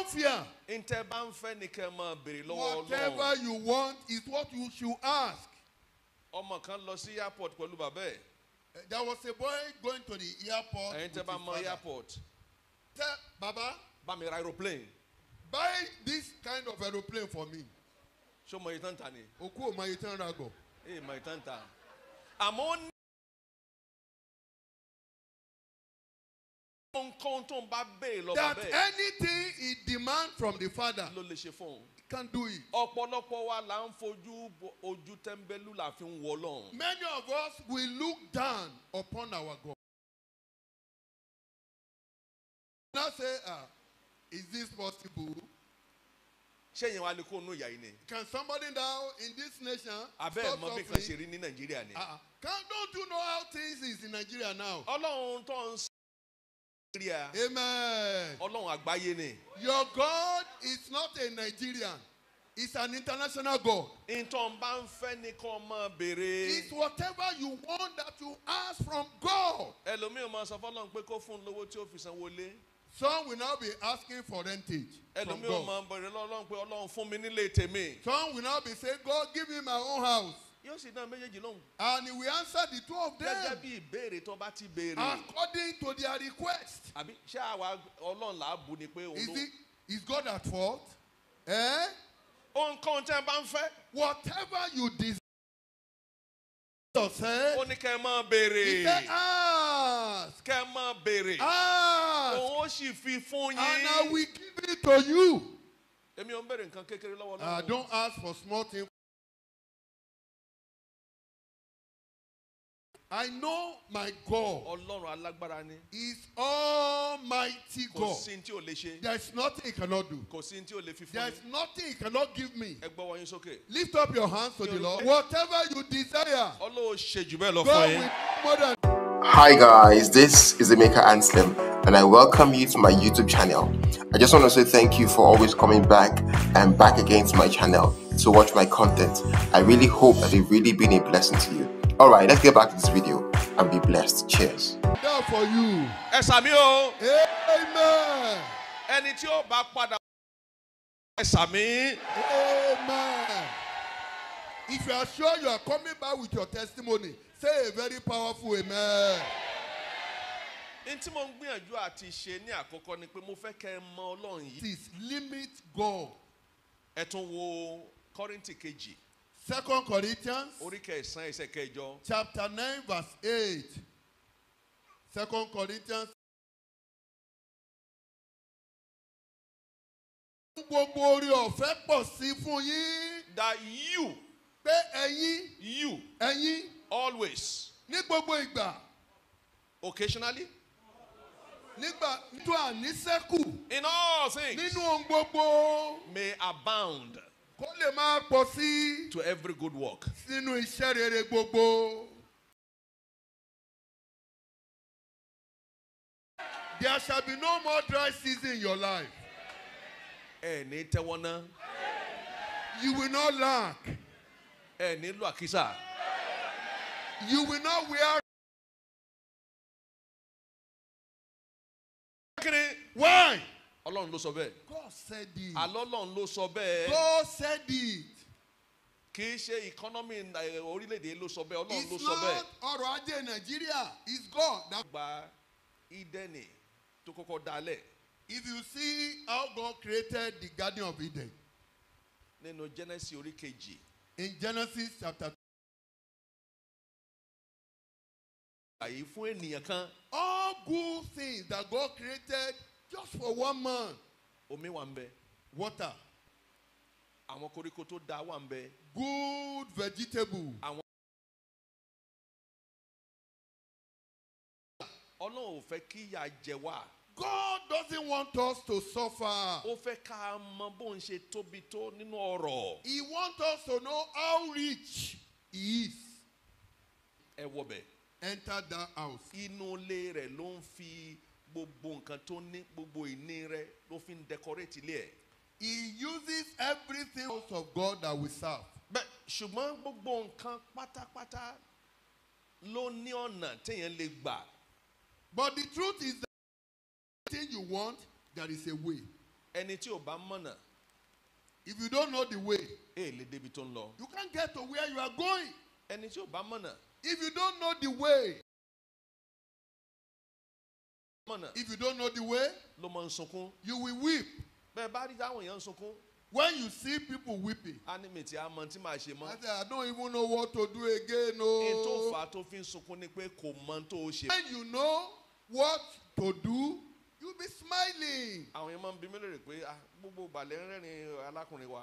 Don't fear. Whatever you want is what you should ask. Eh, there was a boy going to the airport. Ẹ̀yin tẹ́ bá airport. Tell bàbá. Bá aeroplane. Buy this kind of aeroplane for me. Show my mọ ni? Òkú my mọ gọ̀. Hey my iye I'm on. ohunkóhun tó ń bá béè lọ bàbá that anything he demand from the father. ló lè ṣe fún un. can do it. ọ̀pọ̀lọpọ̀ wa là ń fojú ojú tẹ́ńbẹ́lú la fi ń wọ lọ́hùn. many of us we look down upon our God. now say ah is this possible. ṣé yẹn wàá lè kó inú ìyá yìí ni. can somebody now in this nation. abẹ́ ẹ̀ mọ bí kan ṣe rí ní nàìjíríà ni. Ah, ah. Can, don't you know how things is in Nigeria now? Ọlọ́run tó ń Nigeria. Amen. Ọlọ́run àgbáyé ni. Your God is not a Nigerian. It's an international God. Nǹkan bá ń fẹ́ ni kò béèrè. It's whatever you want that you ask from God. Ẹlòmíì máa sọ fọ́lọ́run pé kó fún un lówó tí ó fi sanwó lé. Some will now be asking for rentage. Ẹlòmíì máa ń bẹ̀rẹ̀ lọ́lọ́run pé Ọlọ́run fún mi nílé tèmi. Some will now be saying God give me my own house. yóò sì dá méjèèjì lóhùn. and we answer the two of them. gẹ́gẹ́ bí ìbéèrè tó bá ti béèrè. according to their request. àbí ṣé àwa ọlọ́run là á bu ni pé. is it is God at fault? Eh? ohunkóhun tí a bá ń fẹ́. whatever you desire. ó ní kẹ́ ẹ máa béèrè. he said ask. kẹ́ ẹ máa béèrè. ask. òun ó sì fi fún yín. and I will give it to you. èmi ò ń béèrè nǹkan kékeré lọ́wọ́ ah, lọ́wọ́. don't ask for small things I know my God. Ọlọ́run alágbára ni. Is almighty God. Kò sí tí o lè ṣe. There is nothing he cannot do. Kò sí tí o lè fi fún mi. There is nothing he cannot give me. Ẹ wọ̀nyí sókè. Lift up your hands to the Lord. Whatever you desire. Ọlọ́run ṣe jù bẹ́ẹ̀ lọ fún God will Hi guys, this is Emeka Anslim and I welcome you to my YouTube channel. I just want to say thank you for always coming back and back again to my channel to watch my content. I really hope that it really been a blessing to you. All right, let's get back to this video and be blessed. Cheers. There for you. Ẹ Amen. And it's your back padà ẹ Amen. If you are sure you are coming back with your testimony, say a very powerful amen. N tí mo ń gbìyànjú àti ṣe ni pé mo fẹ́ kẹ́ ẹ mọ Ọlọ́run yìí. limit God. Ẹ tún wo Kọ́rìntì Second Corinthians. Chapter nine verse eight. Second Corinthians. Gbogbo orí ọ̀fẹ́ pọ̀ sí fún yín. That you. Pé ẹ̀yin. You. Ẹ̀yin. Always. Ní gbogbo ìgbà. Occasionally. Nígbà tó àníṣẹ́kù. In all things. Nínú ohun gbogbo. May abound. to every good work. There shall be no more dry season in your life. You will not lack. You will not wear. Why? ọlọ́run ló sọ bẹ́ẹ̀. God it. àlọ́ ọlọ́run ló sọ bẹ́ẹ̀. God said it. kì í ṣe ìkọ́nọ́mì orílẹ̀-èdè ló sọ bẹ́ẹ̀ ọlọ́run ló sọ bẹ́ẹ̀. it's not ọrọ̀ ajé nàìjíríà it's God. That... gba Ídẹ́nì tó kọ́kọ́ dalẹ̀. if you see how God created the garden of Eden. nínú Genesis orí kejì. in Genesis chapter àyè fún ènìyàn kan. all good things that God created just for one man, omi wà ń bẹ. water. àwọn koríko tó dáa wà ń bẹ. good vegetable. àwọn. ọlọ́run ò fẹ́ kí ìyà jẹ wá. God doesn't want us to suffer. Ó fẹ́ ká mọ bó ń ṣe tóbi tó nínú ọ̀rọ̀. He wants us to know how rich he is. Ẹ wọ bẹ̀. Enter that house. Inú ilé rẹ̀ ló ń fi gbogbo nǹkan tó ní gbogbo ìní rẹ̀ ló fi ń decorate ilé ẹ̀. he uses everything out of God that we serve. bẹ́ẹ̀ ṣùgbọ́n gbogbo nǹkan pátápátá ló ní ọ̀nà téèyàn lè gbà. but the truth is that anything you want there is a way. ẹni tí ò bá mọ̀nà. if you don't know the way. èè e lè débi tó ń lọ. you can't get to where you are going. ẹni tí ò bá mọ̀nà. if you don't know the way mọ̀nà. if you don't know the way. ló mọ̀ ń sunkún. you will weep. bẹ́ẹ̀ bá rí táwọn èèyàn ń sunkún. when you see people weeping. anime ti a mọ tí màá ṣe mọ. I say I don't even know what to do again o. ètò ìfà tó fi ń sunkún ni pé kò mọ tó o ṣe. when you know what to do you be smiling. àwọn èèyàn máa ń bí mi lérè pé ah, gbogbo balẹ̀ ń rẹ́rìn alákùnrin wa.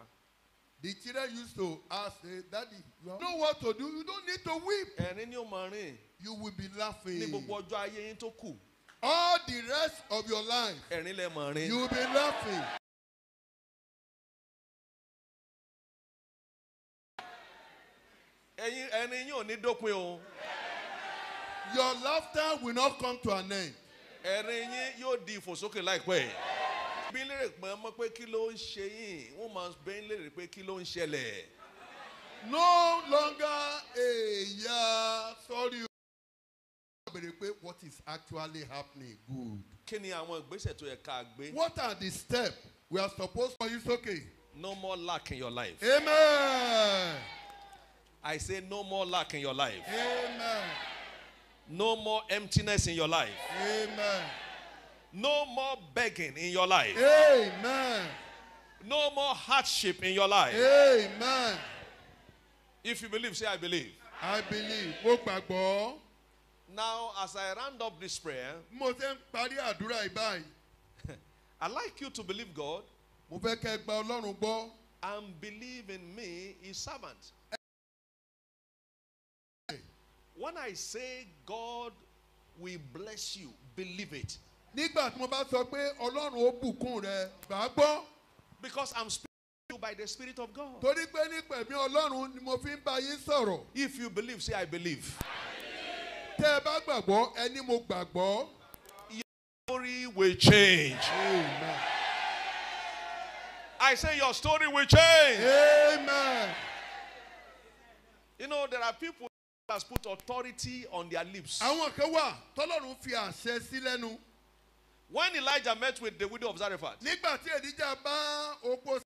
The children used to ask, hey, Daddy, you know what to do. You don't need to weep. Ẹ̀rín ni ó máa rìn. You will be laughing. Ní gbogbo ọjọ́ ayé yín tó kù all the rest of your life. ẹ̀rín lẹ mọ̀ rin. you will be laughing. ẹ̀yin ẹni yín ò ní dópin o. your laughter will not come to an end. ẹ̀rín yín yóò di ìfòsókè láìpẹ́. bí lérè pé mọ́ pé kí ló ń ṣe yín wọ́n máa bẹ́ lérè pé kí ló ń ṣẹlẹ̀. no longer a ya sorry pé what is actually happening good. kí ni àwọn ìgbésẹ̀ tó yẹ ká gbé. what are the steps we are supposed to use okay. no more lack in your life. amen. I say no more lack in your life. Amen. No more emptiness in your life. Amen. No more begging in your life. Amen. No more hardship in your life. Amen. If you believe, say, I believe. I believe. Now, as I round up this prayer, I'd like you to believe God and believe in me, his servant. When I say God will bless you, believe it. Because I'm speaking to you by the Spirit of God. If you believe, say, I believe tẹ́ ẹ bá gbàgbọ́ mo gbàgbọ́. your story will change. Amen. I say your story will change. Amen. You know there are people who has put authority on their lips. Àwọn kan wà tọ́lọ́run fi àṣẹ sí lẹ́nu. When Elijah met with the widow of Zarephath. Nígbà tí bá opó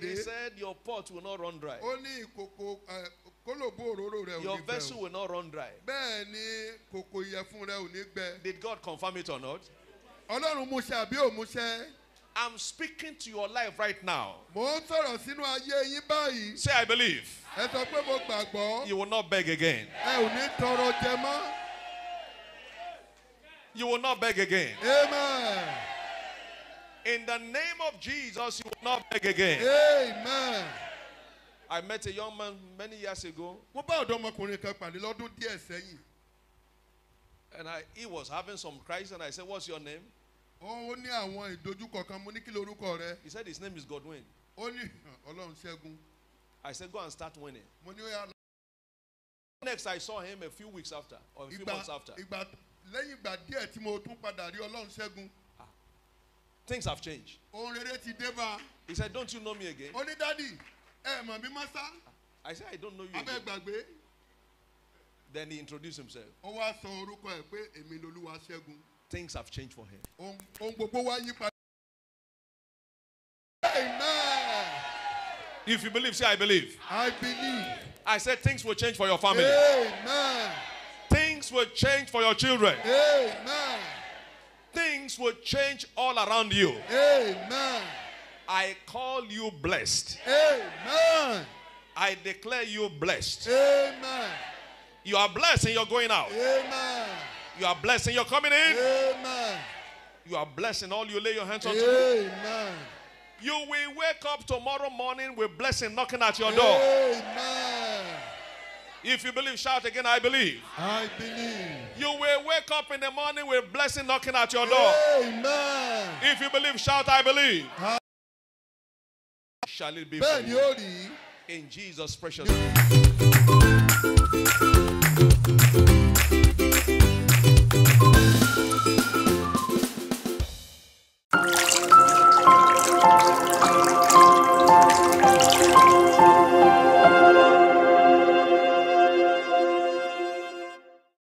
he said, Your pot will not run dry. Uh, your vessel will not run dry. Did God confirm it or not? I'm speaking to your life right now. Say, I believe. You will not beg again. You will not beg again. Amen. In the name of Jesus, you will not beg again. Amen. I met a young man many years ago. Mo bá ọ̀dọ́mọkùnrin And I, he was having some crisis and I said, what's your name? He said his name is Godwin. I said, go and start winning. Next I saw him a few weeks after or a few months after. Things have changed. He said, Don't you know me again? I said, I don't know you. Again. Then he introduced himself. Things have changed for him. If you believe, say, I believe. I believe. I said, Things will change for your family. Amen. Things will change for your children. Amen things will change all around you. Amen. I call you blessed. Amen. I declare you blessed. Amen. You are blessed and you're going out. Amen. You are blessed and you're coming in. Amen. You are blessed and all you lay your hands on. Amen. You will wake up tomorrow morning with blessing knocking at your door. Amen. If you believe, shout again, I believe. I believe. You will wake up in the morning with blessing knocking at your door. Amen. If you believe, shout, I believe. I Shall it be? Ben, in Jesus' precious name.